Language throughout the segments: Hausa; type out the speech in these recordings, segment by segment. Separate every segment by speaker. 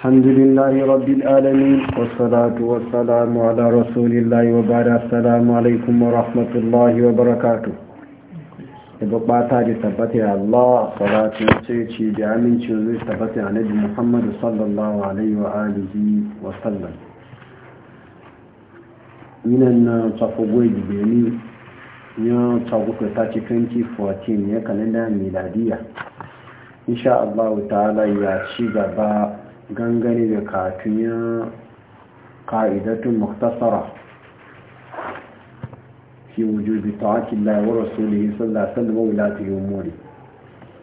Speaker 1: الحمد لله رب العالمين والصلاة والسلام على رسول الله وبعد السلام عليكم ورحمة الله وبركاته ba ta da tabbata Allah salatu ce ce da amincin zai tabbata annabi Muhammad sallallahu alaihi wa wa sallam yinan na tsafogoi dibeni ya tsagoka ta ci 2014 ya kalenda miladiya insha Allah ta'ala ya ci gaba gangane da katunya ka'idatun muktasara fi wujubi ta'akin laiwar rasulihi sallallahu alaihi wa wulati yomori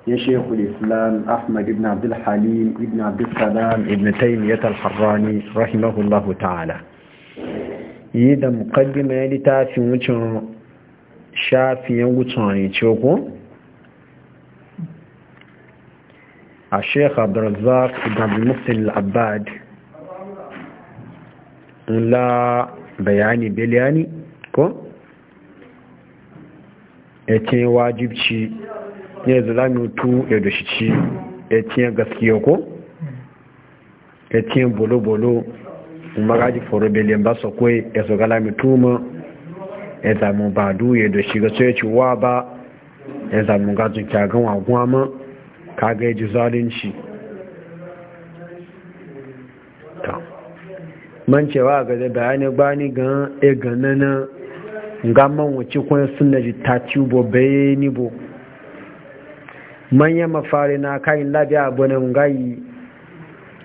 Speaker 1: يا شيخ الإسلام أحمد بن عبد الحليم بن عبد السلام بن تيمية الحراني رحمه الله تعالى يدا مقدمة لتافي وچن شافي وچن يتشوكو a sheikh abdulrazak ibn musul abad la bayani beliyani ko etin wajibci ne zulamin tu edoshici etin gaskiya ko etin bolo-bolo magaji foro beliyan ba su kwai ya su galami ma? ya zamu ba duye da ga sai ci wa ba ya zamu gajin kyagan wa gwamma kaga ya ji zalunci ta man cewa ga da bayani bani gan e ga man wuce kun sunna ji ta tubo bayani bo manya mafari na kayan labiya abunan gayi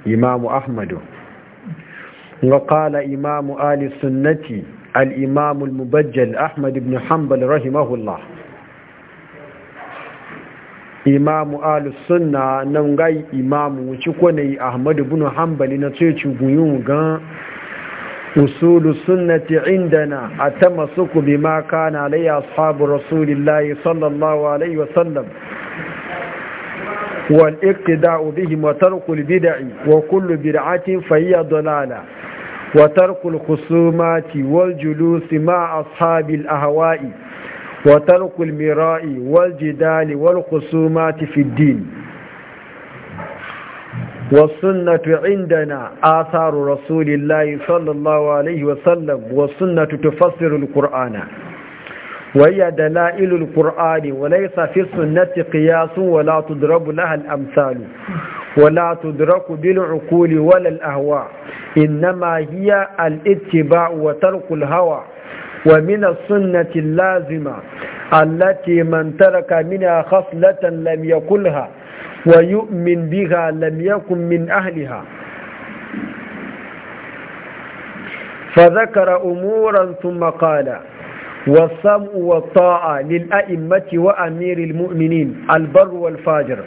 Speaker 1: imamu ahmadu وقال إمام آل السنة al المبجل mubajjal Ahmadu Ibn hanbal rahimahullah imamu alusunna nan gai imamu ci kone ahmadu bin hanbali na ceci guyun gan usulu sunnati indana a ta masu kubi maka na alayya ashabu rasulillahi sallallahu alaihi wasallam wal iqtida'u bihim wa tarkul bid'i wa kullu bid'atin fahiya dalala wa tarkul khusumati wal julusi ma ashabil ahwa'i وترك المراء والجدال والخصومات في الدين والسنة عندنا آثار رسول الله صلى الله عليه وسلم والسنة تفسر القرآن وهي دلائل القرآن وليس في السنة قياس ولا تضرب لها الأمثال ولا تدرك بالعقول ولا الأهواء إنما هي الاتباع وترك الهوى ومن السنة اللازمة التي من ترك منها خصلة لم يقلها ويؤمن بها لم يكن من أهلها فذكر أمورا ثم قال والسمع والطاعة للأئمة وأمير المؤمنين البر والفاجر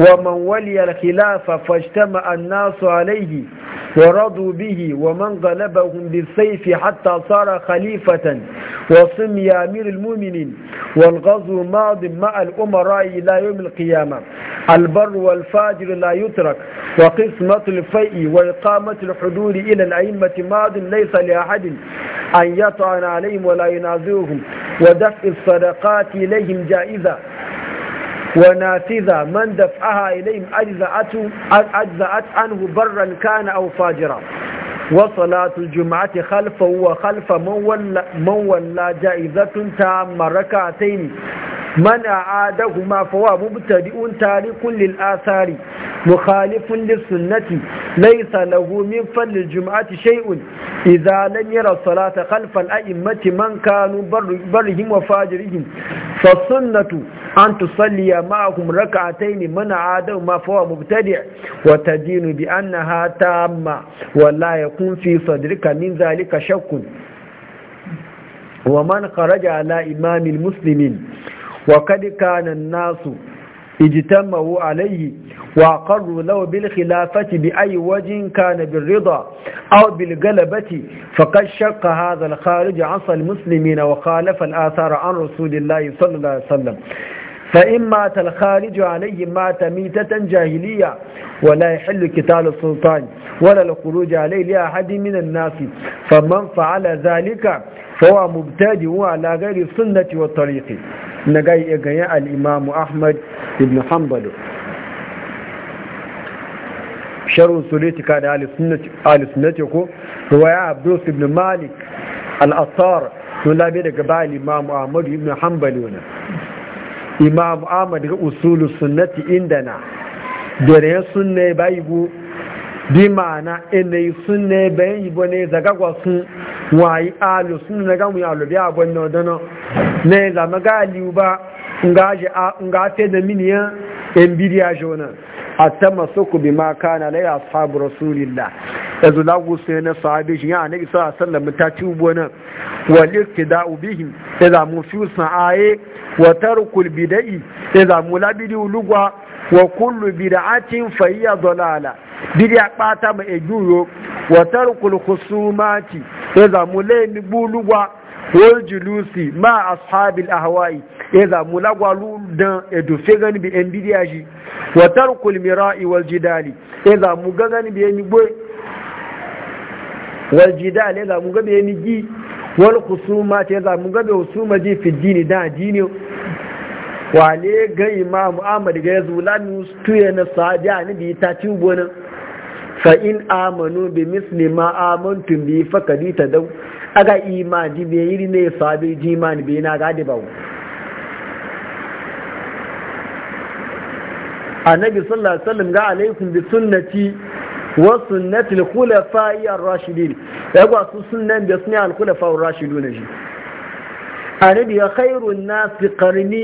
Speaker 1: ومن ولي الخلافة فاجتمع الناس عليه ورضوا به ومن غلبهم بالسيف حتى صار خليفة وصم يا أمير المؤمنين والغزو ماض مع الأمراء إلى يوم القيامة البر والفاجر لا يترك وقسمة الفيء وإقامة الحدود إلى الأئمة ماض ليس لأحد أن يطعن عليهم ولا ينازعهم ودفع الصدقات إليهم جائزة ونافذة من دفعها إليهم أجزأت عنه برا كان أو فاجرا وصلاة الجمعة خلفه وخلف من ولا, من ولا جائزة تام ركعتين من أعادهما فهو مبتدئ تارك للآثار مخالف للسنة ليس له من فضل الجمعة شيء إذا لم يرى الصلاة خلف الأئمة من كانوا برهم وفاجرهم فالسنة أن تصلي معهم ركعتين من أعادهما فهو مبتدئ وتدين بأنها تامة ولا يكون في صدرك من ذلك شك ومن خرج على إمام المسلمين وقد كان الناس اجتمعوا عليه وأقروا له بالخلافة بأي وجه كان بالرضا أو بالقلبة فقد شق هذا الخارج عصى المسلمين وخالف الآثار عن رسول الله صلى الله عليه وسلم فإن مات الخارج عليه مات ميتة جاهلية ولا يحل كتال السلطان ولا الخروج عليه لأحد من الناس فمن فعل ذلك فهو مبتدئ على غير السنة والطريق na gai iya ganyen al'imamu ahmad ibn hanbalu sharun sulitika da alisunati ko ruwaya abdus ibn malik al'asar sun labe daga ba al'imamu ahmad ibn hanbalu na imamu ahmad ga usulun sunnati inda na, rayan sunne ya bayi bu bi ma'ana inai sun ne bayan yibo ne zagagwa sun wayi alu sun na gamu ya alu biya gwan na ne zama ga aliyu ba nga te da miniyan yan bidiya jona a ta masu ku bi ma kana lai e a sahabu rasulillah ya zula gusu na sahabi shi ya anabi sa sallam ta ci ubo nan wali kida ubihim ya zamu fi sa'aye wa tarkul bidai ya zamu labidi ulugwa wa kullu bid'atin fa hiya dalala a ɓata ma juyo watar tarkul khusumati ya zamu laini bulugwa wal julusi ma ashabil ahwa'i ya zamu lagwa ludan edufe gani bi en bidiya shi watar tarkul mira'i wal jidali ya zamu ga gani bi en gbe wal jidali ya zamu ga bi ni gi wal khusumati ya zamu ga bi husuma ji fi dini da dini wale ga imamu ahmad ga su tuye na sadiya ni bi ta tubo nan fa in amanu bi misli ma amantum bi fakadi tadaw aga imani be yiri ne sabi jimani be na gadi bawo annabi sallallahu alaihi wasallam ga alaikum bi sunnati wa sunnati al-khulafa'i ar-rashidin ga su sunnan da sunni al-khulafa ar-rashidun ji annabi ya khairun nas qarni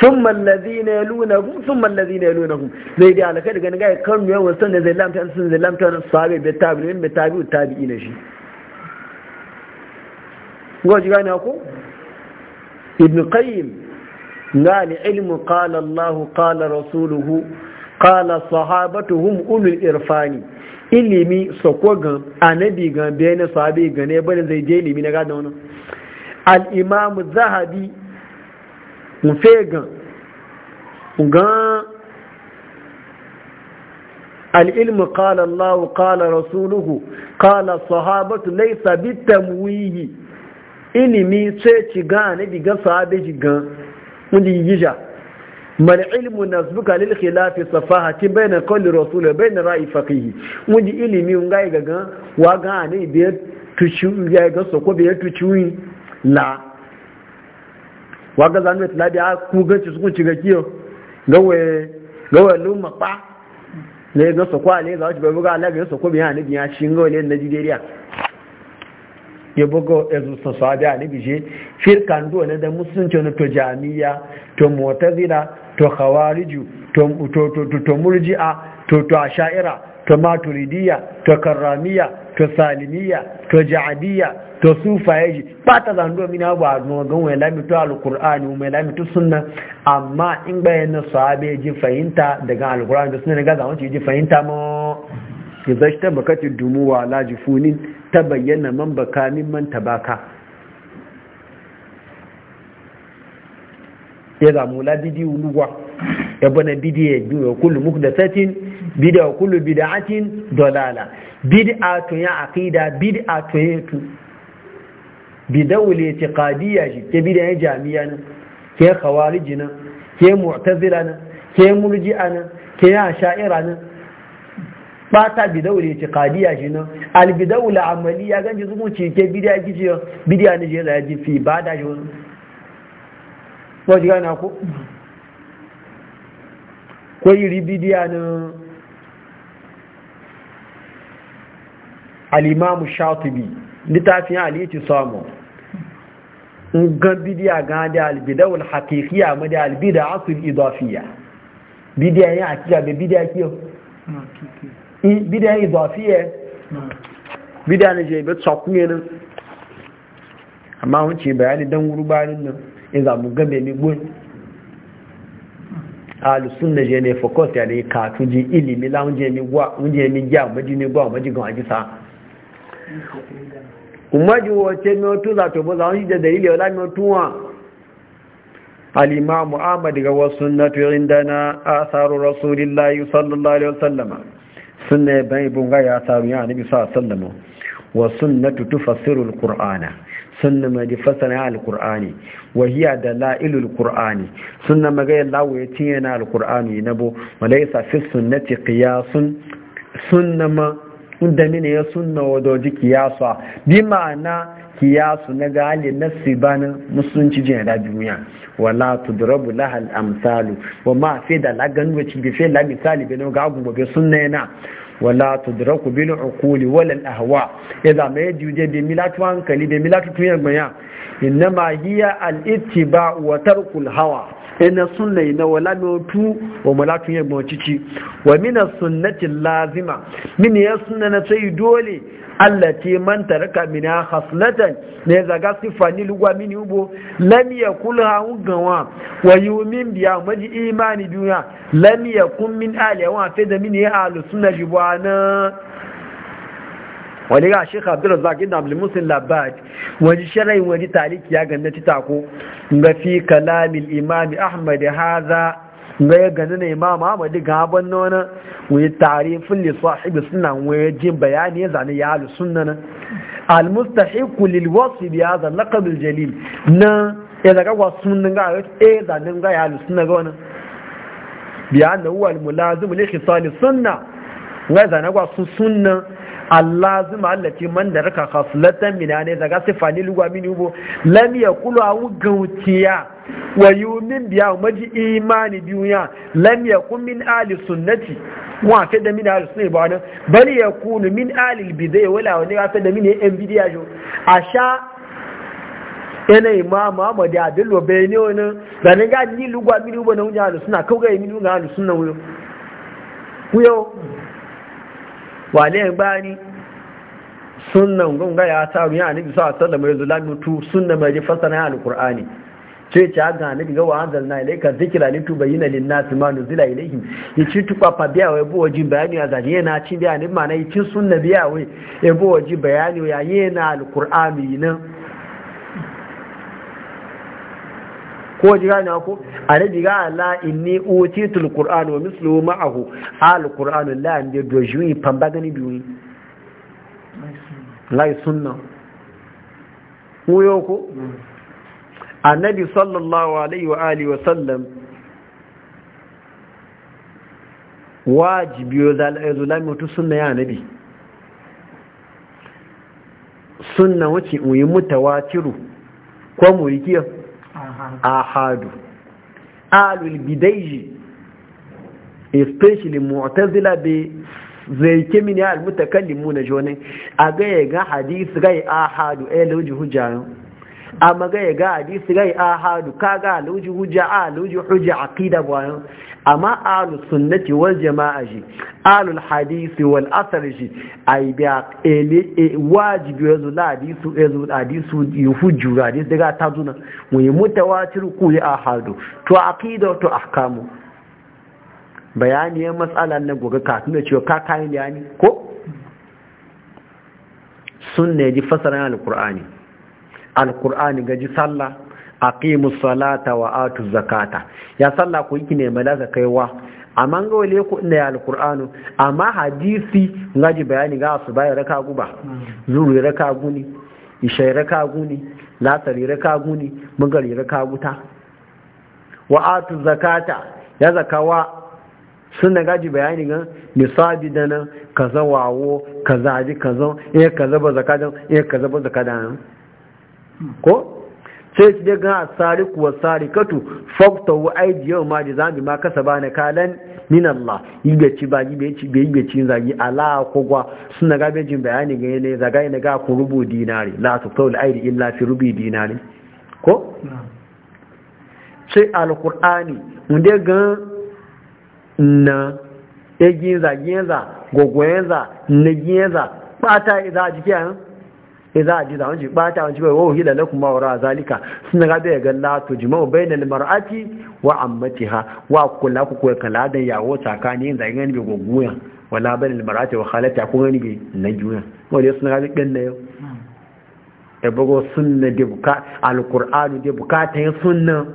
Speaker 1: sun mallazi na ya luna hun sun mallazi na ya luna hun zai da alaƙa daga nigaya kan yawan wasan da zai lamta sun zai lamta na sahabe bai tabi ne bai tabi tabi ina shi gwaji gani ku ibn qayyim قال علم قال الله rasuluhu, رسوله sahabatu hun, ulul irfani, ilimi sokogan anabi gan bayan sahabi gane bane zai je ilimi na gada wannan al-imam zahabi mu fɛ gan mu gan al'ilmu kala allahu kala rasuluhu kala sahabatu laisa bi tamwihi ilimi tse ci gan ne bi gan sahabe gan wani yi yija mal ilmu na zuka lil khilafi safaha ti bayna kulli rasul wa bayna ra'i faqih wani ilimi un gai ga gan wa gan ne biyar tu ci ga so ko bi tu ci la waga zanu ta labi a ku ganci ci sukun ci gakiyo gawe gawe ma pa ne ga so kwa le ga wata bai buga Allah ga so ko bi ha ne biya shi ga wani Najeriya ya bugo ezu so sabi a nabi je firkan do ne da musulunci ne to jamiya, to mu'tazila to khawariju to to to to murji'a to to asha'ira to maturidiyya to karramiya to salimiya to ja'adiyya to faye shi ba ta zando mini abu a gan wai lamitu alkur'ani mai lamitu sunna amma in bayan na sahabe ji fahimta daga alkur'ani da suna na gaza wancan ji fahimta ma ya zai ta bakati wa laji funin ta bayyana man baka min man tabaka ya zamu la didi wuluwa ya bana bidi ya biyu kullu mukdasatin bid'a kullu bid'atin dalala a to ya aqida bid'a a yatu bidawul itiqadiyya shi ke bidayen jami'a nan ke khawariji nan ke mu'tazila nan ke murji'a nan ke asha'ira nan bata bidawul itiqadiyya shi nan al bidawul amaliya ganji zumunci ke bidiya gici bidiya ne je da ji fi bada shi wani ko ji gana ko ko yiri bidiya nan al imam shatibi littafin ali ci samu Ngan bidiya ga da albidawul haqiqiyya ma da albida asul idafiya bidiya ya akida be bidiya kiyo bidiya idafiya bidiya ne je be tsakunye nan amma mun ce bayani dan gurbanin nan in za mu ga me mi gun ahlus sunna je ne focus ya ne ka tuji ilimi la mun je mi wa mun je mi ja ma ji ni gwa ma ji gan ajisa umaru wace miyotu za ta buza shi da dalili wala wa al'imamu ahmad ga wasu natu inda na asaru yi sallallahu alaihi wasallama suna e ya ibu bunga ya asaru ya nabi sa sallama wasu sunnatu tufassiru al-qur'ana sunna ma di fasara al-qur'ani wa hiya dalailu al-qur'ani sunna ma ga lawo ya na al-qur'ani nabo wa fi sunnati qiyasun na ma da mini ya sunna wadoji kiyasa bi ma'ana kiyasu na gali na sibanin musulunci jin da duniya wala tudrabu laha amsalu wa ma fi da lagani wacce bi fi la misali bi ga gumo bi sunna yana wala tudraku bil uquli wal ahwa zama ya juje bi milatu hankali bi milatu tuyan Inna ma hiya al-ittiba wa tarkul hawa ina sunna ina wala otu, wa malatu ya mawcici wa mina sunnati lazima min ya sunna na sai dole Allah ce man taraka mina na ne zaga sifani lugwa mini ubo lam yakul haun gawa wa yumin biya maji imani duniya lam yakun min ahli wa fa da min ya ahlus sunna na. wani ga shi abdul zaki da abdul muslim labat wani sharai wani taliki ya ganda ta tako ga fi kalamil imami ahmad hadha ga ya gani na imam ahmad ga ban nona wani tarifin li sahibi sunna wani jin bayani ya zane ya alu sunna na al mustahiq lil wasf bi hadha al laqab al jalil na ya daga wasun ga a zanin ga ya alu sunna ga wani bi annahu al almulazim li khisal suna. ga zane ga suna Allah zuma Allah ce man da raka khaslatan min ne daga sifani ni lugwa min ubo lam yaqulu aw gautiya wa yumin biya maji imani biya lam yakun min ali sunnati wa fa da min ali sunnati ba nan bal yakunu min ali bidai wala wani fa da min yan bidiya jo asha yana imam Ahmad ya dillo bayani wani zanin ga ni lugwa min ubo na wunya ahli sunna kawai min ubo ahli sunna wuyo wale bani sunan gunga ya taru ya nabi sa sallama wasallam ya zula mutu sunna mai ji fasana ya alqur'ani ce ce ga nabi ga wa'azal na ilaika zikra li bayina lin nas ma nuzila ilaihim ci tu papa biya wai bo waji bayani ya zaje yana ci biya ne ma na yi sunna biya wai e bo waji bayani ya yana alqur'ani nan ko ji gane ko annabi ga la inni utitul qur'an wa mislu ma'ahu al qur'an la an de dojui pamba gani biwi la sunna uyo ko annabi sallallahu alaihi wa alihi wa sallam wajibi yo zalami mutu sunna ya nabi sunna wace uyi mutawatiru ko murikiya ahadu alul bidaiji especially mu'tazila be zai kimi ne al-mutakallimu na jone a ga ya ga hadisi gai ahadu eh lauji hujja amma ga ya ga hadisi gai ahadu ka kaga lauji hujja a lauji hujja aqida bayan amma alu sunnati wal jama'a shi alu hadisi wal asar shi ai biya ele wajibi yazo la hadisu yazo hadisu yufuju hadis daga tazuna wa mutawatir ku ya ahadu to aqida to ahkamu bayaniyar matsala na goga kafin da cewa ka ya yani ko sunna ji fasaran alqur'ani alqur'ani gaji sallah aqimu salata wa atu zakata ya sallah ku yiki ne malaka kaiwa amma ga wale ku inda ya alqur'anu amma hadisi ngaji bayani ga su bayar raka guba zuru raka guni isha raka guni lasari raka guni mugari raka guta wa atu zakata ya zakawa sun da gaji bayani ga misabi da nan kaza ka zaji ka kaza iya ka zaba zakatan eh iya kaza ba zakatan eh ko sai shi daga a tsari kuwa tsari katu fokta wa aidi yau ma da zambi ma kasa ba na kalan min Allah yi ga ci bagi bai yi bai ga ci zagi ala kogwa suna gabe jin bayani ga yanayi zagaye na ga ku rubu dinari la su kawai aidi illa fi rubi dinari ko sai alkur'ani wanda ga na egin zagi yanzu gogoyen za na gi yanzu ba ta jiki a jikin sai za a ji zaman ji bata wani cikin wahu hila lakum mawara a zalika suna ga bai ga lato jima'u bai na limar'ati wa ammati ha wa kula ku kuwa kala da yawo tsakani yin zai gani bai gwagwuya wala bai na limar'ati wa halatta ko gani bai na juya wani suna ga ɗin na yau ya bugo sunna da buka alkur'anu da bukatan sunna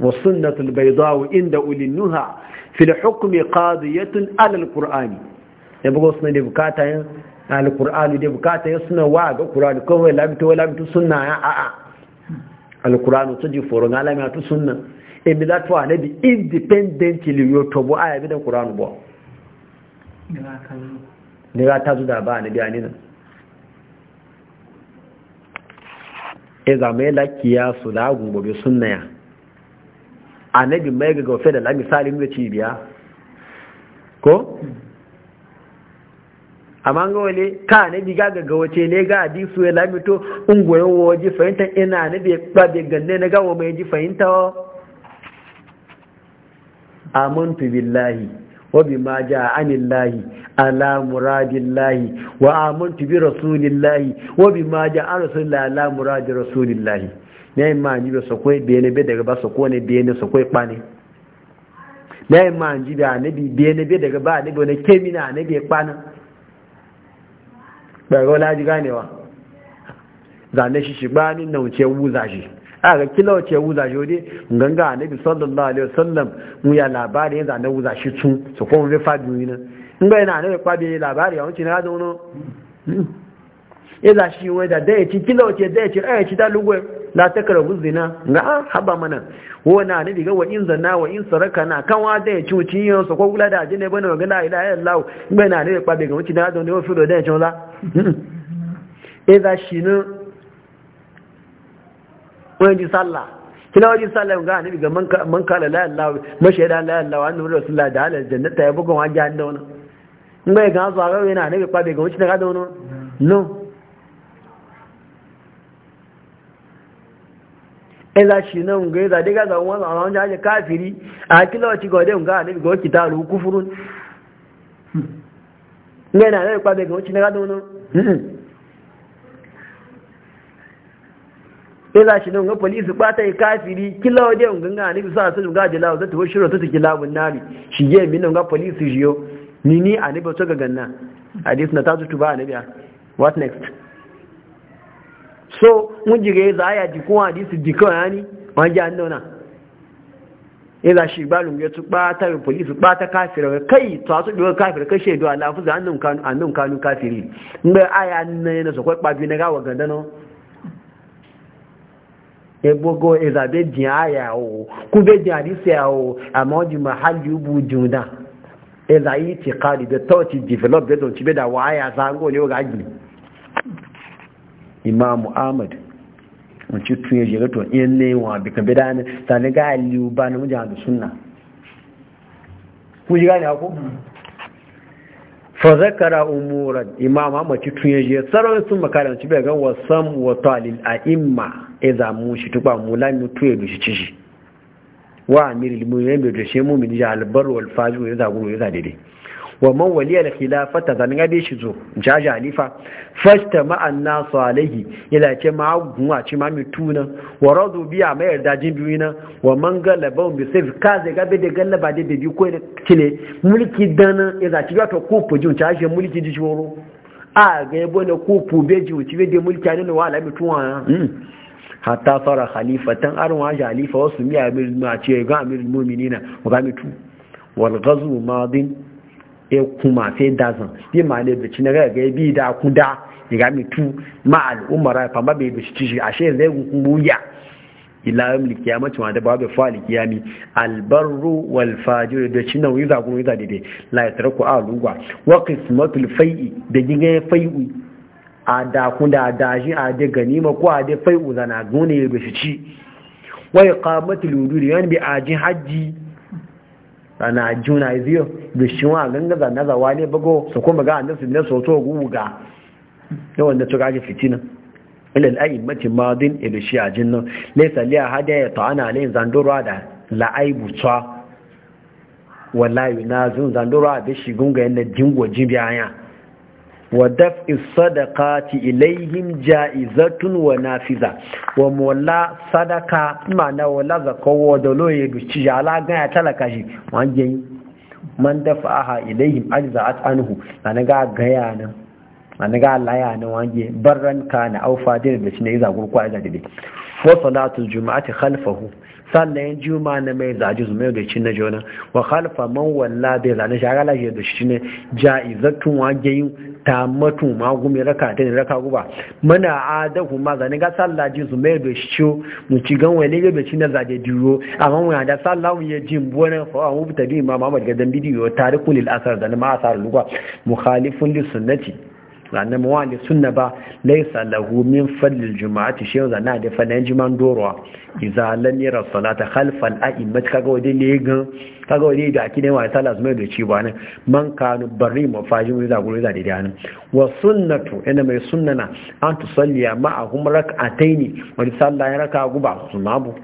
Speaker 1: wa sunnatul baydawu inda ulinnuha fil hukmi qadiyatun ala ƙurani ya bugo suna da bukata yin alkur'ani da bukata yin suna wa ga kur'ani kawai wai labita suna ya a'a alkur'ani su ji foron alamiya tu suna ebi latu a bi independently yo bu a yabi da kur'ani bu ne ga ta zuda ba nabi a nina e zama lakiya su lagun gobe suna ya a nabi mai ga gaufe da lamisali mai cibiya ko amma ga wale ka na biga ga gawace ne ga hadisu ya lamito ungoyin waje fahimta ina na bai babe ganne na gawa mai ji fahimta amantu billahi wa bima jaa anillahi ala muradillahi wa amantu bi rasulillahi wa bima jaa rasulillahi ala muradi rasulillahi ne ma ni ba sokoi be ne be daga ba sokoi ne be ne sokoi pani ne ma ji da ne bi be ne be daga ba ne be ne kemina ne be pana daga wala ji zane shi shi bani na wuce wuza a ga kila wuce wuza shi ganga annabi sallallahu alaihi wasallam mu ya labari ya annabi wuza tun su kuma bai fadi wani na ga yana labari a na zaune ya za da daya ci kila wace daya ci a ah, haba mana wani na na kan wa daya ci wucin yin da ne bane wa gana ila lawo daya ci idha eh, shina wani ji sallah kila wani sallah ga annabi ga man kala la ilaha mashhada la ilaha annabi rasulullah da halal jannata ya bugun wajen hannu wani in bai ga zuwa ga yana annabi kwabe ga wuce daga da wani no idha eh, shina ga idha diga za wani a wajen ngai na rai kwabe ga wuce na gado nan sai za shi nan ga polisi bata yi kafiri kila waje yin ganga ne bisa su ga jila za ta wasu rota ta kila bun shi ge min nan ga polisi jiyo ni ni a ba to ga ganna hadis na ta tutu ba ne what next so mun jige za ya ji ko hadisi dikon yani wajen annona ila shi balum ya tu bata polisi bata kafirin kai to a tsubewa kafir kai shaidu ala fuza annun kanu annun kanu kafiri in aya na yana so babi na gawa ganda no ebogo ezabe aya o ku be o amma ji mahalli junda eza yi ti kari to ti develop da don ci be da wa aya zango ne wanci tun yaje ga to in ne wa bi kan bidan ta ne ga aliyu ba na mujan da sunna ku ji gane ko fa zakara umuran imam Ahmad ci tun yaje sarar sun makara ci bai ga wasam wa talil a'imma idza mu shi tuba mu la mu tuye bi shi shi wa amirul mu'minin bi shi mu'min ya albar wal fajr ya zagu ya wa man waliya da khilafata zan gabe shi zo jaji halifa fasta ma'an nasu alaihi ila ce ma a ce ma mituna wa razu biya mai yarda jin duniya na wa man galaba bi sai ka zai gabe da galaba da bi ko da kile mulki dana ila ci ga to ko fujin jaji mulki ji shoro a ga yabo na ko fube ji uci da mulki ne wa ala mituna hatta fara khalifatan arwa wa jalifa wasu miya mai ma ce ga amirul mu'minina wa ba mitu wal ghazwu madin e kuma sai dazan bi ma ne bici na ga bi da kuda diga mitu ma al'umara fa ma bai bici shi ashe zai buya ila yawm likiyamati wa da babu fa likiyami albarru wal fajir da cinan wiza kun wiza dide la a alugwa wa qismatul fai'i da gigan fai'u a da kun da daji a da ganima ko a da fai'u zana gune da shi ci wa iqamatul wudud yan bi aji haji ana juna iziyo bishin wa ganga zanna zawa ne bago su kuma ga su ne to guga ne wanda to gaji fitina ila al mati madin ila a nan laysa li ahada ya ta'ana alayhi zandura da la'aibu tsa wallahi na zun zandura da shi gunga yana jingwa jibiya wa daf'i sadaqati ilayhim ja'izatun wa nafiza wa mola sadaka ma na wala zakawo da loye duci ya la ga ya talaka shi wanje man dafa'aha ilayhim ajza'at anhu anaga gaya nan anaga laya nan wange barran na na fadil da shi ne shine yaza gurku aja dide wa salatu juma'ati khalfahu sannan juma na mai zaji mai da shi na jona wa khalfa man walla bai zana shagala shi da shi ne ja'izatun wageyin ta matu gumi raka ta raka guba mana adahu ma zane ga sallah ji su mai doshi mu ci gan wani ga shi na zaje diro amma mu da sallah mu ya jin buwan fa mu bi Gidan imam Ahmad ga dan bidiyo tarikul asar da ma asar lugwa mukhalifun li sunnati zanen mawali sunna ba laisa lahu min fadlil juma'ati shi yau zana da fadayen jiman dorowa iza lam yara salata khalfal a'immat kaga wani ne gan kaga wadi da akidan wa sala zuma da ci ba nan man kanu bari mafaji mu da gure da da nan wa sunnatu ina mai sunnana an tusalliya ma'ahum rak'ataini wa sallah ya raka guba su mabu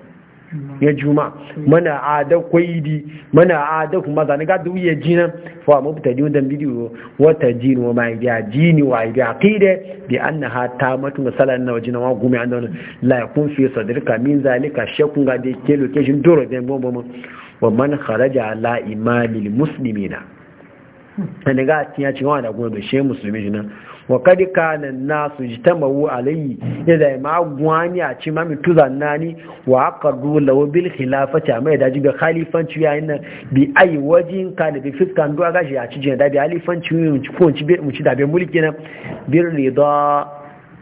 Speaker 1: ya juma mana ada kwaidi mana ada kuma zane ga duk ya jinan fa mu ta mubtadi dan bidiyo wata jini wa mai ga jini wa ga qide bi annaha ta matu masalan na wajina wa gumi an don la yakun fi sadrika min zalika shakun ga de ke location doro den bombo wa man kharaja ala imamil muslimina ne ga tiya ci wa da gobe she musulmi jinan wa kadi kana nasu jitamawu alayhi ya ma gwani a ci mami tuzannani wa rula wa bil khilafati daji da jiga khalifanci yayin nan bi ai wajin kana bi fiskan duwa gashi a ci da bi khalifanci mu ci ko mu ci da bi mulki na bir rida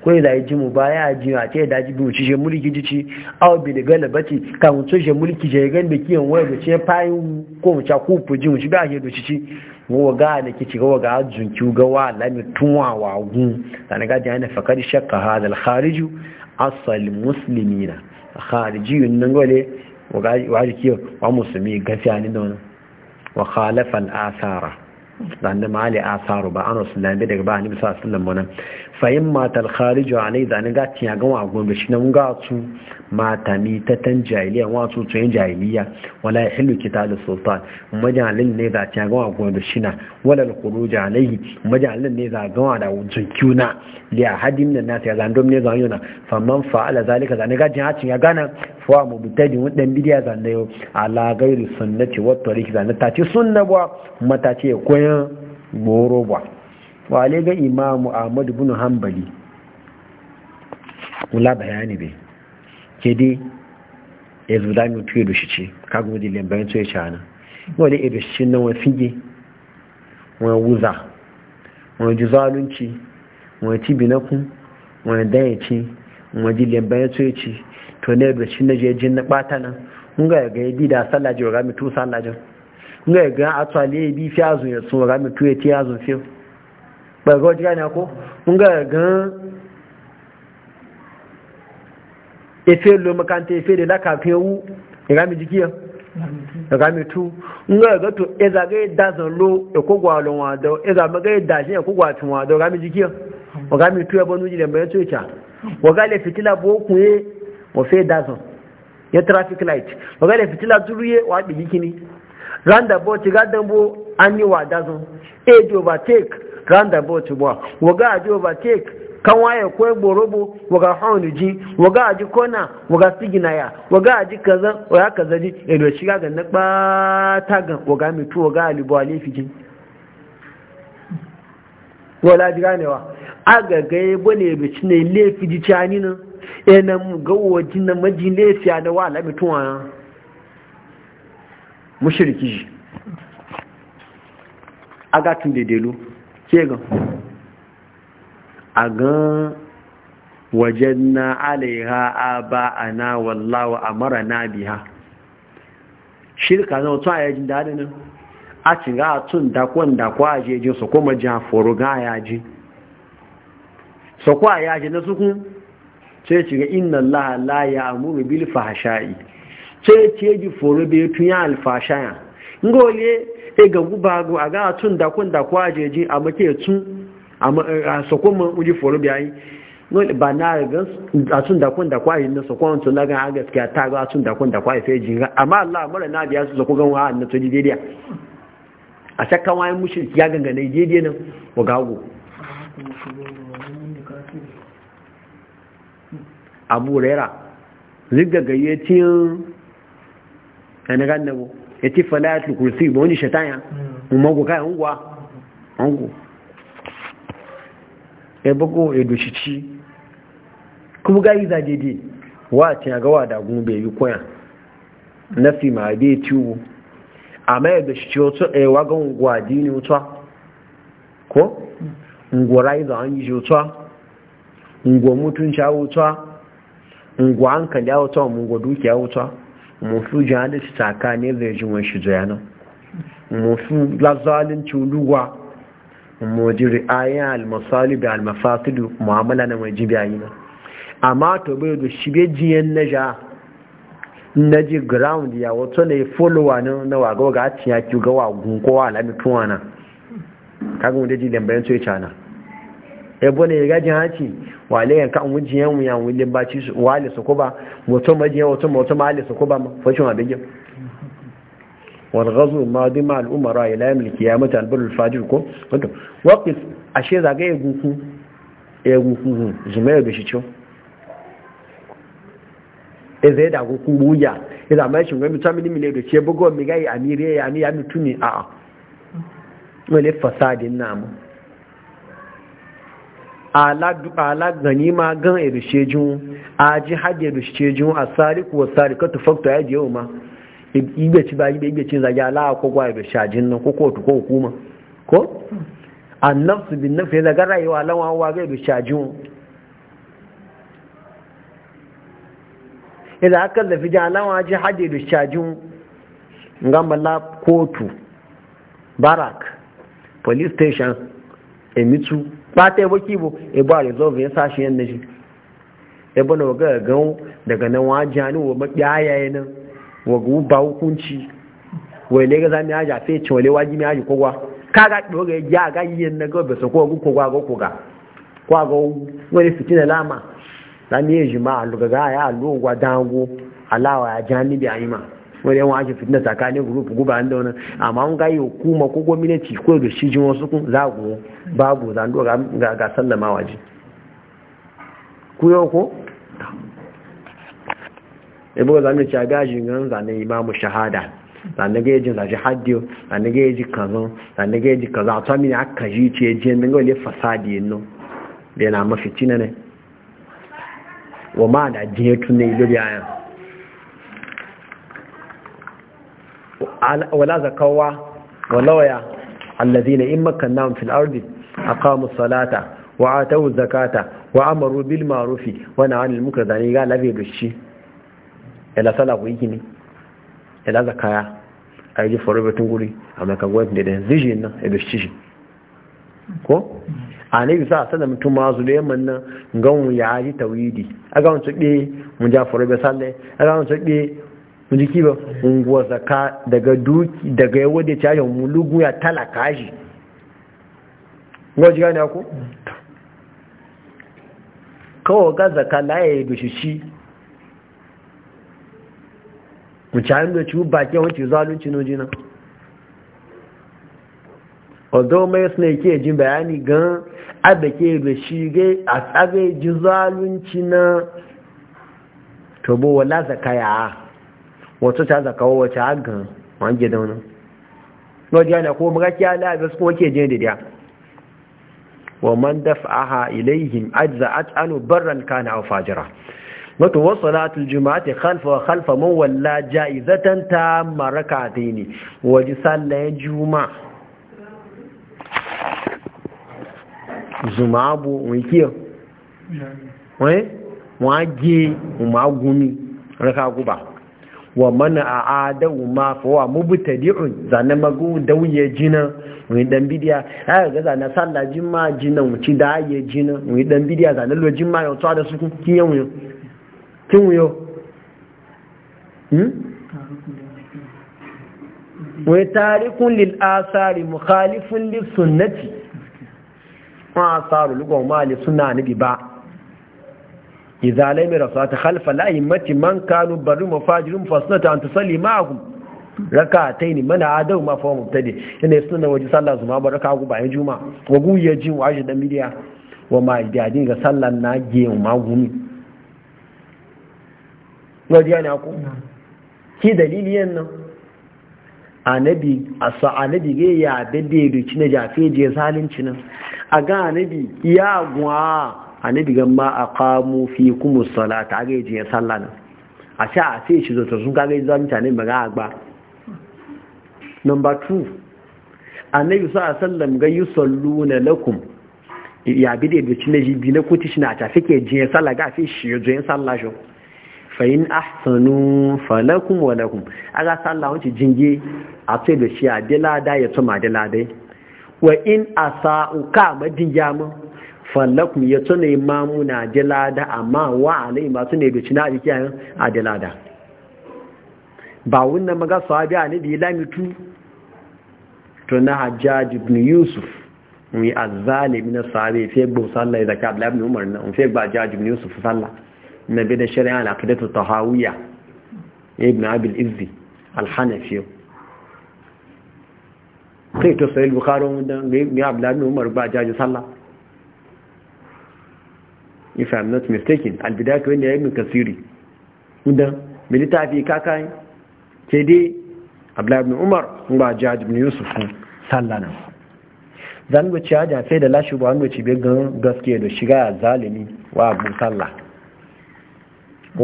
Speaker 1: ko da ji mu baya ji a ce da ji mu ci je mulki ji ci aw bi da galabati kan mu ci je mulki je gan da kiyan waya ce fayin ko mu ci ku ji mu ci ba je do ci ci wa ga da kici ga ga junki ga wa lami tuwa wa gu dan ga jana fakar shakka hada al kharij asal muslimina khariji nan gole wa ga wa kiyo wa muslimi gafiya ni don wa khalafa al asara zanne mali asaru ba anu sallam bi daga ba ni bisa alaihi wasallam fa in matal khariju alai zane ga tiya gan wa gombe shi nan ga su mata mi ta tan jahiliya wa su tun jahiliya wala yahlu kitalu sultan majalin ne ga tiya ga wa gombe shi na wala al khuruj alai majalin ne za gan wa da junkuna li ahadin nan nasi zan dom ne zan yuna fa man fa'ala zalika zane ga tiya ya gana fuwa mu bitadi wadan bidiya zanne ala gairu sunnati wa tariki zanne ta ce sunna ba mata ce koyan wajen goro ba wale ga imamu ahmad bin hanbali kula bayani bai ke dai ya zuda min tuye da shi ce kagun wajen lambayin tuye ce ana wani ido shi nan wani fige wani wuza wani ji zalunci wani tibi na kun wani dayaci wani ji lambayin tuye ce to ne da shi na je jin na ɓata nan mun ga ga yi da sallah ji wa gami tu sallah nga ga atwale bi fi azun ya sun rami tuye ti azun fi ba ga wajen gani ko nga ga fe lo fe de la ka fi wu rami ga mi tu nga ga to e za ga e da zo lo e ko gwa lo wa do e za ma ga da shi e ko gwa tun wa do o ga mi tu e ji jile mbe tu cha o ga le fitila bo ku e o fe da zo ya traffic light o ga le fitila duruye wa bi kini. roundabout ga dambo an yi wada zun age overtake roundabout ba waga aji overtake kan waye ko e borobo waga haunu ji waga aji kona waga sigina ya waga aji kaza waya kaza ji edo shiga ga na bata ga waga mitu waga alibo alifi ji wala ji ganewa aga ga yebo ne bici ne lefi ji cani nan e, mu ga wajin na maji lefiya da wala mitu wa mushiriki shi a gatun daidailu lu gan a gan alaiha aba ana a na wallawa mara na biya shirka zama tun a yajin daɗi nan a cin ga tun dakon dakwa a je su kuma foro ga a yaji su yaji na sukun sai ci ga inna allaha la ya amuru bil fahasha'i sai ce ji foro bai tunya alfashaya ngole e ga gubago a ga tun da kun da kwajeji a make tun a e, sokon mun uji foro bai ngole ba na ga a tun da kun da kwaje na sokon tun daga a gaskiya ta ga tun da kun da kwaje sai ji amma Allah mara na biya su sokon gan wa na to jidediya a shakkan wayan mushin ya gangane jidediya nan wa gago abu rera zigga gayyatin ana ganna bo ya ci falatul kursi ba wani shatanya umma go kai ungwa angu e bugo e dushici kuma ga iza dede wa ta ga wa da gun be yi koya nafi ma be ciwo amma e dushici oto e eh, wa ga ungwa dini oto ko mm. ngwara iza an yi oto ngwa mutunci oto ngwa hankali oto ngwa dukiya oto musu jihadi ci ne zai ji wani shi jayana musu lazalin culuwa moji ri'ayen almasalibi da mu'amala na mai jibi na amma to bai da shige jiyan na ja na ji ground ya wato na folowa na wagawa ga cinya ki ga wagun kowa na kagun da ji lambayin tsoye cana ebo ne ga jin haci wale yanka an wujin yan wuyan wule ba ci su wale su ko ba wato majiya wato wato male su ko ba fashin wa bigin wal ghazu madi ma al umara ila yawm al qiyamah al barr al fajir ko wato waqif ashe zaga ya guku ya guku zuma da shi cho e zai da guku buya e da mai shi ga mutami ni mile da ce bugo mi ga amire ya ni ya mutuni a a wale fasadin namu ala ma gan irushe jun a ji hajji irushe jun a tsari kuwa tsari ka tufakta ya yau ma igbe ci ba igbe igbe ci zagi ala akwagwa irushe a jin nan koko kotu ko hukuma ko an nafsu bin nafsu ya zaga rayuwa lawan wa ga irushe a jin idan aka lafi jin alawa ji hajji irushe a jin gamala kotu barak police station emitu fata yabo kibo e ba resolve ya sashi yan nashi e bana ga gan daga nan wajani wa makiyaya nan, wa ba hukunci wai le ga zami ya jafe cin wale waji mi aji kogwa kaga doga ya ga yin na gobe so ko guko gwa goko ga kwa go wani fitina lama zami ya jima aluga ga ya aluga dango alawa ya jani bi ayima wani yan wajen fitina tsakanin gurupu guba da wani amma an gaye hukuma ko gwamnati ko da shi jin wasu kun za ku babu za ndo ga sallama waje ku yau ko e buga zamu ci gaji imamu shahada zanen ga yajin zaji haddiyo zanen ga yaji ji da wala zakawa walawaya allazina in makannahum fil ardi aqamu salata wa atu zakata wa amaru bil ma'rufi wa nahaw anil munkar dani ga labe dushi ila sala ku yiki ila zakaya ai ji forobe tun guri amma kan gwamnati da zijin nan da shi ko anabi sa sana mutum ma zu da yamman nan gan ya yi tawidi aga wancan be mun ja forobe sale aga wancan be jiki ba unguwa zaka daga duki daga yawa da cajin mulugu ya talaka shi gwaji gane ku? kawo ga zaka laye da shi shi mucayen da ciwu bakin wacce zalunci noji na although mai suna ke jin bayani gan ke da shi gai a tsagai ji zalunci na tobo wala zaka ya wato ta zaka wata hagan wange da wani wajen na kuma magaki ala labe su kuma ke jin da diya wa man dafa'aha ilaihim ajza at'anu barran kana aw fajira wato wasu salatul juma'ati khalfa wa khalfa man walla ja'izatan ta "Wa waji sallan juma'a juma'a bu wikiyo wai waje umagumi raka guba wa mana a adau ma fawa mubtadi'un zana magu dauye jina mu dan bidiya ai ga zana sallah jima jina mu ci da ya jina mu dan bidiya zana lo jima ya to da su kin yan wuyo kin wuyo hmm wa tarikun lil asari mukhalifun lis sunnati ma asaru lugo ma li sunna nabi ba idza lam rasata khalfa mati man kanu baru mafajirun fasnata an tusalli ma'akum rak'atayn man adaw ma fa mubtadi ina sunna waji sallah zuma ba raka gu bayan juma wa gu ya jin waji dan bidiya wa ma idadin ga sallan na ge ma gumi wadiya ne ku ki dalili yan nan anabi asa anabi ge ya dade da kina jafe je zalunci nan a ga anabi ya gwa annabi gan ma a kamu fi kuma salata a gaji ya salla nan a sha a sai shi zata sun kagaji za mutane ba ga agba number two annabi sa a sallam ga yi sallu na lakum ya bi da bici na jibi na kuti shi na ta tafi ke jiya salla ga fi shi ya zo yin salla shi fa'in ahsanu falakum wa lakum aga salla wancin jinge a sai da shi a dilada ya tuma diladai wa in asa'u ka madin jamun fallakum ya tuna imamu na dilada amma wa alai ma tuna da cina jiki a dilada ba wannan maga sahabi a nabi lamitu to na hajjaj ibn yusuf mu yi azzalimi na sahabi fi gbo sallah da kabla ibn umar na fi gba hajjaj ibn yusuf sallah na bi da shari'a al-aqidatu tahawiyya ibn abil izzi al-hanafi kai to sai bukhari da ibn abdullah ibn umar ba hajjaj sallah if i'm not mistaken albidaya wanda ya min kasiri inda milita fi kakai ke dai abdullahi ibn umar ba jihad ibn yusuf sallana zan ci ya sai da lashe ba wanda ci gan gaske da shiga zalimi wa abu sallah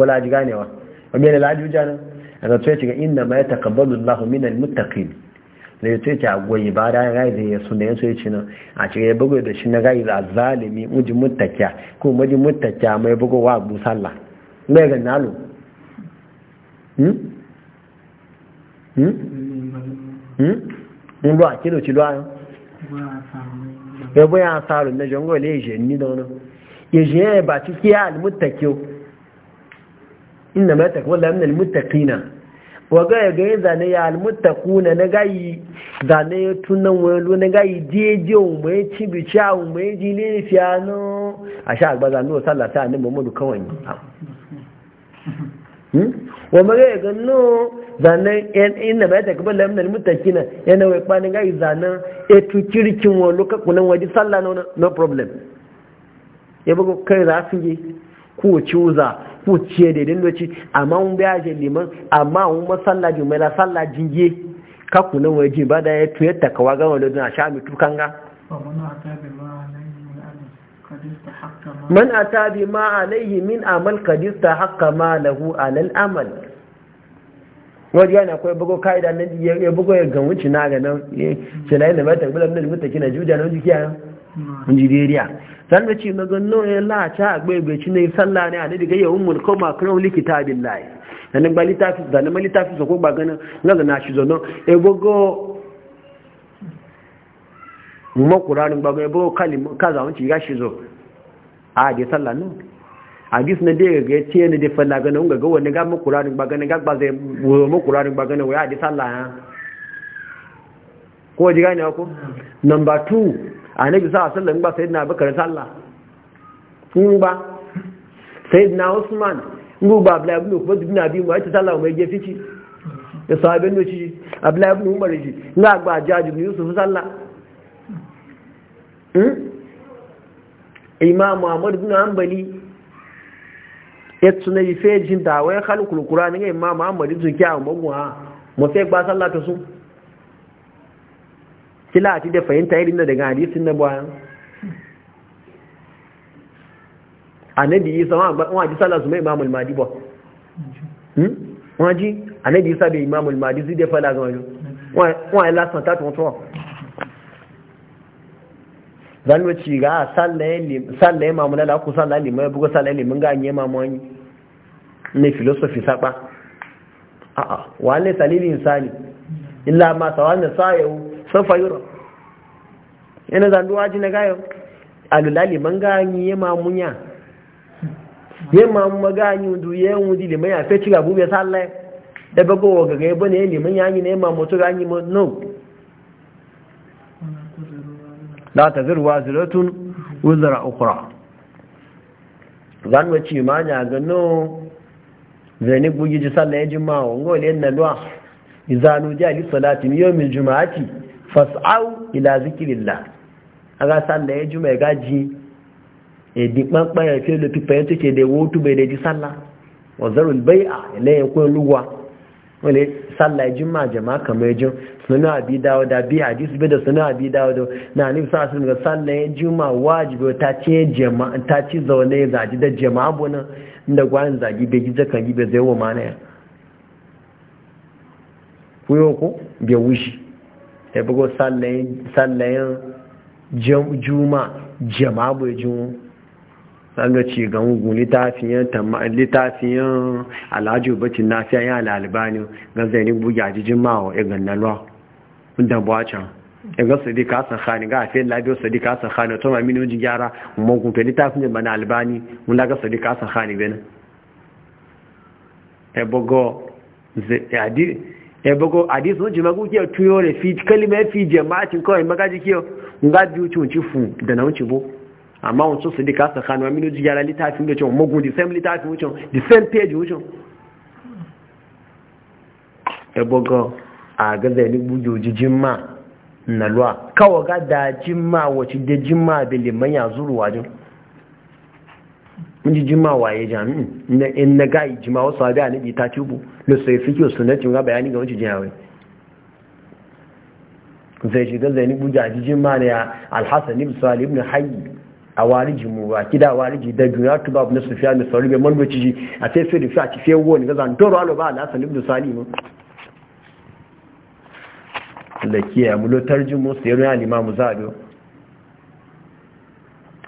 Speaker 1: wala ji ganewa wa mai da lajuja nan a zartuwa ya ga inda ma ya takabbalu allahu minal muttaqin da ya ce agwai ba da ya da ya suna ya so a cikin ya bugu da shi na gai da zalimi uji mutakya ko muji mutakya mai bugu wa abu sallah mai ga nalo ń lọ àkílò ti lọ ayọ́ ẹgbẹ́ ya sáàrù mẹ́jọ ń gọ́ ilé ìṣẹ́ nílọ náà ìṣẹ́ ẹ̀bà tí kí á alìmútẹ̀kí o inna mẹ́tẹ̀kí waga ya gani zane ya almuta na na gayi zane ya tunan wani na gayi jeje umu ya ci bici a ji ne fiya no a sha agba zane wa sallata ne mamadu kawai ne. Hmm? wa maga ya gani no zane ina bai taƙi bala na almuttaki kina yana wai kwanin gayi zane ya tu kirkin wani lokaku nan waje sallah no problem ya bugu kai za su yi kowace wuza kuciye da idan lokaci amma mun biya je liman amma sallah masallaji mai la sallah ye ka kuna waje ba da ya tuye ta kawa ga wani duna sha mi tukan ga man ata bi ma alaihi min amal kadista haqqa ma lahu alal amal wani yana akwai bugo ka'ida na ya bugo ya ga wuce na ga nan ce na yi na mata tabbatar da limuta kina juja na wuce kiyaye mun sannan ce magano ya lata a gbaibaci na yi salla ne a daga yawon mulkau makarar likita bin layi sannan ba littafi zanen ma littafi sa ko ba ganin gaza na shi zanen ebogo makuranin ba ganin ebogo kaza wanci ya shi zo a ga salla nan a gis na dai ga ce ne da falla ganin ga ga wani ga makuranin ba ne ga ba zai wuro makuranin ba ganin waya da salla ya ko ji gane ko number 2 annabi sa sallan ba sayyidina abubakar sallah tun ba sayyidina usman ngu ba abla ibn ubay ibn bi mu ayta sallah mai gefi ci da sahabin no ci abla ibn umar ji nga gba jaji ni yusuf sallah hmm? imam muhammad ibn hanbali ya na yi fejin da wai khalqul qur'an ne imam muhammad ibn kiyam magun ha mu sai gba sallah ta su kila a ti da fahimta irin da daga hadisin na bayan annabi isa wa ji sallah su imamul madi ba hmm? wọ́n jí annabi isa bai imamul madi zai zama yi lásán tàbí wọ́n tọ́wọ́ zanuwa ci ga sallaye mamu lala ku sallaye liman ya buga sallaye liman ga anye mamu wani ne filosofi saba a'a wa ne salilin sani illa ma sawa na safa yura yana zanduwa ji na gayo alulali man gani ya mamunya ya mamu gani wudu ya wudi liman ya fe ciga bube ya da wa gaga ya bane liman ya yi na ya mamu to gani ma no la ta zirwa ziratun wuzara ukura zan wace ma ya ga no zaini bugi ji sallaye jima'a wani wale na luwa izanu ji alisalati yomin mil juma'ati fas'au ila zikirillah aga sallah ya juma ya gaji e di pampa ya fi lo pipa to ke de wotu be de ji sallah wa zarul bai'a ile ya ko luwa wale sallah juma jama'a kamar jin sunan abi dawud abi hadis be da sunan abi da na ni sa sun ga sallah juma wajibi ta ce jama'a ta ci zaune zaji da jama'a na inda gwan zagi be ji zakan gi be zai wa mana ya kuyo ko be wushi ya bugo sallayin juma jama'a bai jun tsallaci ga mugu littafiyan alhaji ubacin na fiye yana albani ga ni buga a jijin mawa igan na lwa da buwacan igan su dika san khani ga fiye labiyo su dika san khani to ma mini ji gyara mugun fe littafiyan mana albani mun laga su dika san khani benin ebogo ebogo hadisi sun jima kuke tuyo ne fi kalimar fi jama'atin kawai e magaji kiyo nga biyu ci wuce fun da na wuce bo amma so su dika su kanuwa minu jiyara littafin da cewa mugun the same littafin wucin the same page wucin ebogo a gaza yi bujo jijin ma na luwa kawo ga da jimma wacce da jimma da liman ya zuru wajen mun ji jima waye jami'in na in na ga jima wasu abi a nabi ta tubu da sai fiki sunnatin ga bayani ga wancin jiyawai zai shiga zai nibu jaji jima na ya alhassan ibn salim na Hayi a wari mu ba kida wariji da duniya tuba ibn sufyan da sauri bai manbaci ji a sai sai rufi a ci fiye wani gaza doro alo ba alhassan ibn salih mu da kiyaye mu lotar jimu sai ruwa limamu zaɓo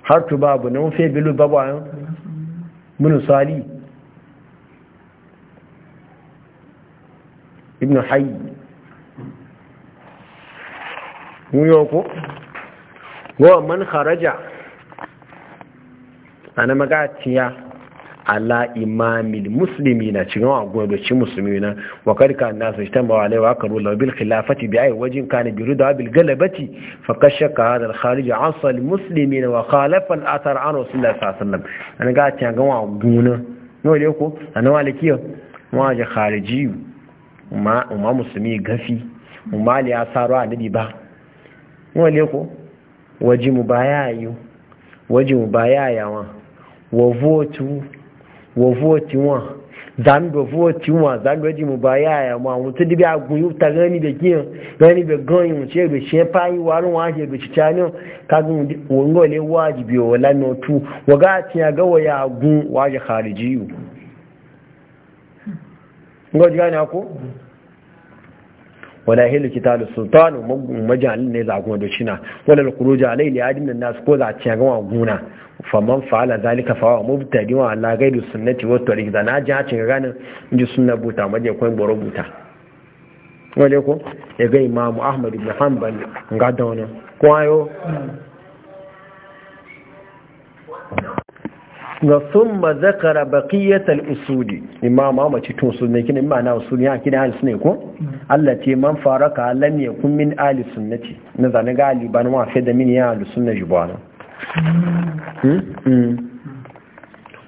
Speaker 1: har tuba abu nan fe bilu babu min sali ibn hayy mu yoko go man haraja, ana magatiya ala imamil muslimi na cikin wagon doci musulmi na wakar ka na su shitan bawa alaiwa aka rula bil khilafati bi ai wajin ka ne biru da bil galabati fa kashe ka hada kharij asal muslimi na wa khalafa al athar an rasulullah sallallahu alaihi wasallam an ga ta ga wagon na no le ko anan walikiyo wa ja khariji ma umma musulmi gafi umma saro a annabi ba no le ko waji mubayayu waji mubayayawa wa votu wọ vóòtì mu zando vóòtì wọn zando di mo bá yá àyà mọ àwọn tó débi agun yóò ta gán níbẹ̀ kí hàn gán níbẹ̀ gan yìí ṣe ègbè ṣe páyì wà lóun àṣẹ ègbè ṣìṣà náà kágun wọn ń gọlé wá àjìbì ọwọ lánàá tú wọgá ga àgọwọ ya agun wàá yẹ kàrìjì yìí. ngọ́jú yá ni na ko? wala hilu da sultanu majalin ne za da shina wala alquruja alai li adin nasu ko za a ci ga wa guna faman fa'ala zalika fa wa mubtadi wa ala gaidu sunnati wa tariq da na ji a cikin ganin inji sunna buta maje koyin boro buta wale ko ya ga imamu ahmad ibn hanbal ga da ko ayo na sun ma zakara baƙiyyatar usuli imam amma ci tun sunne kini ma'ana usuli ya kini ahli sunne ko Allah ce man fara faraka lam kun min ahli ce na zane ga aliban ban wa fa da min ya ahli ba jibana hmm? hmm.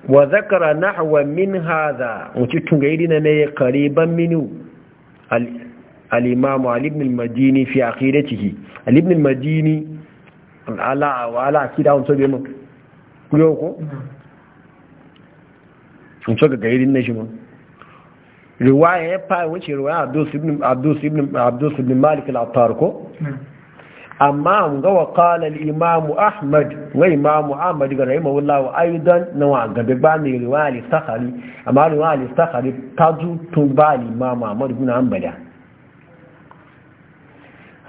Speaker 1: wa zakara hawa min haza, wuci tun ga idina ne qariban minu al imam ali ibn al madini fi aqidatihi al ibn al madini ala wa ala akida on so be mu ko hmm. sun so ga gairin na shi mun riwaya ya fa wace riwaya abdus ibn abdus ibn malik al-attar ko hmm. amma an ga wa qala al-imam ahmad wa imam ahmad ga rahimahullah aidan nawa wa gabe ba ni riwaya al-sakhari amma riwaya al-sakhari ta ju tun ba al-imam ahmad ibn hanbali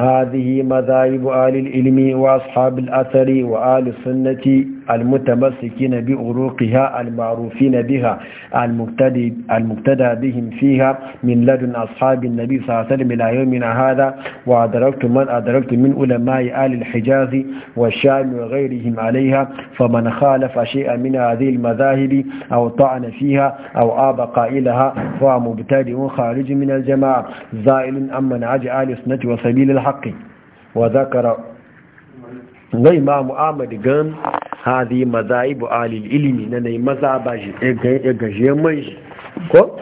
Speaker 1: هذه مذاهب آل العلم وأصحاب الأثر وآل السنة المتمسكين بأروقها المعروفين بها المقتدى بهم فيها من لدن أصحاب النبي صلى الله عليه وسلم إلى يومنا هذا وأدركت من أدركت من علماء آل الحجاز والشام وغيرهم عليها فمن خالف شيئا من هذه المذاهب أو طعن فيها أو آب قائلها فهو مبتدئ خارج من الجماعة زائل عن منهج آل السنة وسبيل الحق وذكر غير ما محمد قام hadi mazaibu alil ilimi na nai maza ba shi ya eh, gaje eh, man shi ko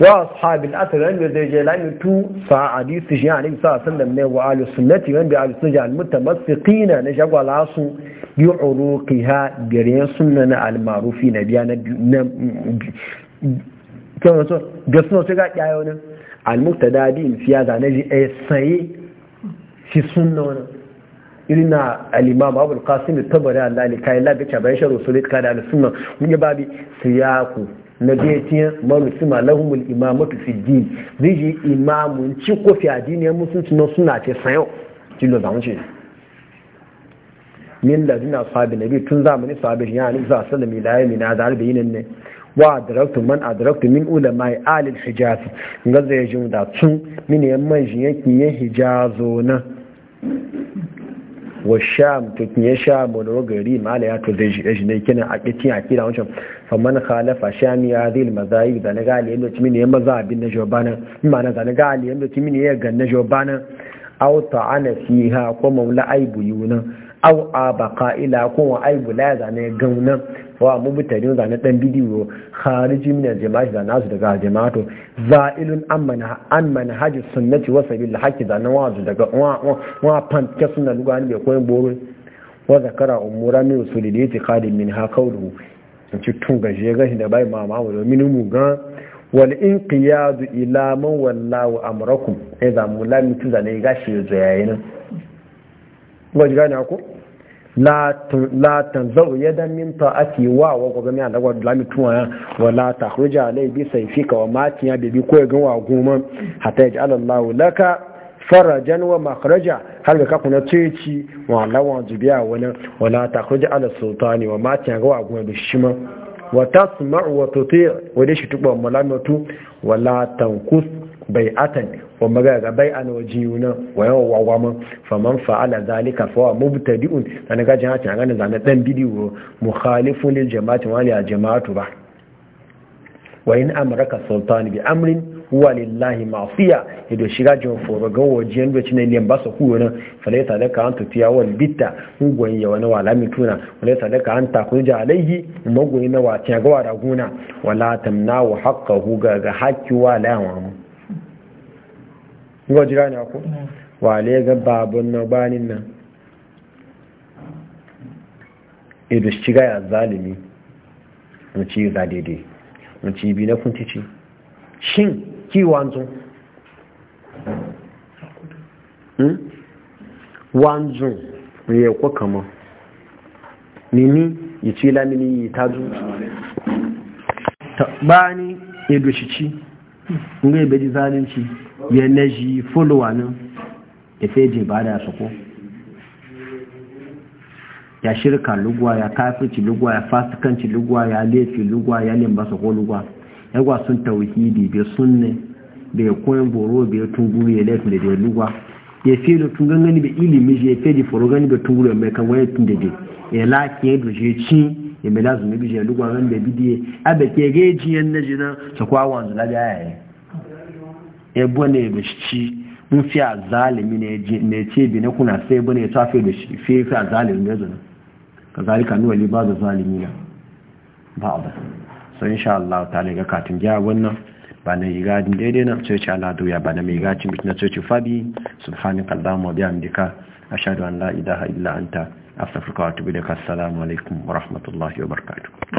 Speaker 1: wa ashabin asir wanda zai je lami tu fa hadisi shi alim sa sallam ne wa ahlus sunnati wanda ahlus sunnati al mutamassiqina na shagwala su bi uruqiha biyan sunna na al marufi na biya na kan wato ga suna ta ga kyayo ne al muktadabin fiya ga na ji saye shi sunna wannan irina al-imam abu al-qasim tabari Allah ne kayan la bicha bayan sharu sulit ka da al-sunna mun babi siyaku na je tiya manu sima lahumul imamatu fi din ziji imamun ci ko fi addini musulunci na suna ce sayo kilo da mun ce min da dina sahabi nabi tun zamanin sahabi ya ni za sallami la yami na da arba'in ne wa adraktu man adraktu min ulama alil hijaz zai yi jin da tun min yan man jin yin yan hijazo na wa sham to kinye sham wani rogari ala ya to zai shi ne kina a kitin a kira wancan famman khalafa sham ya zai mazayi da na gali yadda mini ya maza abin na jobana ma na zane gali yadda mini ya gan na jobana aw ta'ana fiha ko maula aibu yuna aw abqa ila ko aibu la zane gaunan wa mu mutane zane dan bidiyo khariji min aljama'i da nasu daga jama'atu za'ilun amman an manhajus sunnati wa sabil haqqi da nan wazu daga wa wa pan ke sunna an be koyin boro wa zakara umura min usuli da itiqadin min ha in ci tun gaje gashi da bai mama wa min mu ga wal inqiyad ila man wallahu amrakum ai eh, zamu lamitu zane gashi zo yayin wajiga ne ko la tanzau yadan min ta'ati wa wa gobe mi alagwa lami tuwa wa la takhruja alai sayfika wa matiya bi bi ko ga wa goma hatta yaj'al Allah laka farajan wa makhraja har ga kuna ceci wa lawan jibiya wala wala takhruja ala sultani wa matiya ga wa goma bi shima wa tasma'u wa tuti' wa dashi tuba malamatu wala tanqus bai atan wa magaga bai an waji yuna wa yawa wawama faman fa'ala zalika fa wa mubtadi'un kana ga jama'a tana ganin zana dan bidiyo mukhalifu lil jama'ati wa li jama'atu ba wa in amraka sultan bi amrin huwa lillahi ma'siya ido shiga jin foro ga wajen da cinai liyan ba su kuwa falaita da ka hanta tiya wal bitta ungon ya wani wala mituna falaita da ka anta ku ja alaihi magoyi na wa tiya ga wa raguna wala tamna wa haqqahu ga ga haqqi wa ngo jira ne ko wale ga babun na banin nan idu shiga ya zalimi mu ci ga daidai mu ci bi na kuntici shin kiwanzu hmm wanzu ya kwa kama nini ya ci lamini ya tazu ta bani ya dushici ngai beji zalunci ya na folowa nan ya fejin ba da su ya shirka lugwa ya kafirci lugwa ya fasikanci lugwa ya lefi lugwa ya limba soko ko lugwa yagwa sun tauhidi bai sunne bai koyon boro bai tunguru ya lefi da bai lugwa ya fi da tun gangani bai ilimi ya fi da foro gani bai tunguru ya mai kan wani tun da dai ya laki ya dushe ci ya mai lazumi bai ya lugwa gani bai bidiye a da ke gaji yan na jina su kwawan ya da yayaye ebo ne ba shi mun fi a zalimi ne ce bi na kuna sai ebo ne ta fi da shi fi fi a zalumin ne zana ka ni wali ba da zalimi na ba ba so insha Allah ta ne ga katin gya wannan ba na yi gadin daidai na coci ce Allah doya ba na mai cin bikin na coci ce fadi subhanaka allahumma amdika ashhadu an la ilaha illa anta astaghfiruka wa atubu alaikum wa rahmatullahi wa barakatuh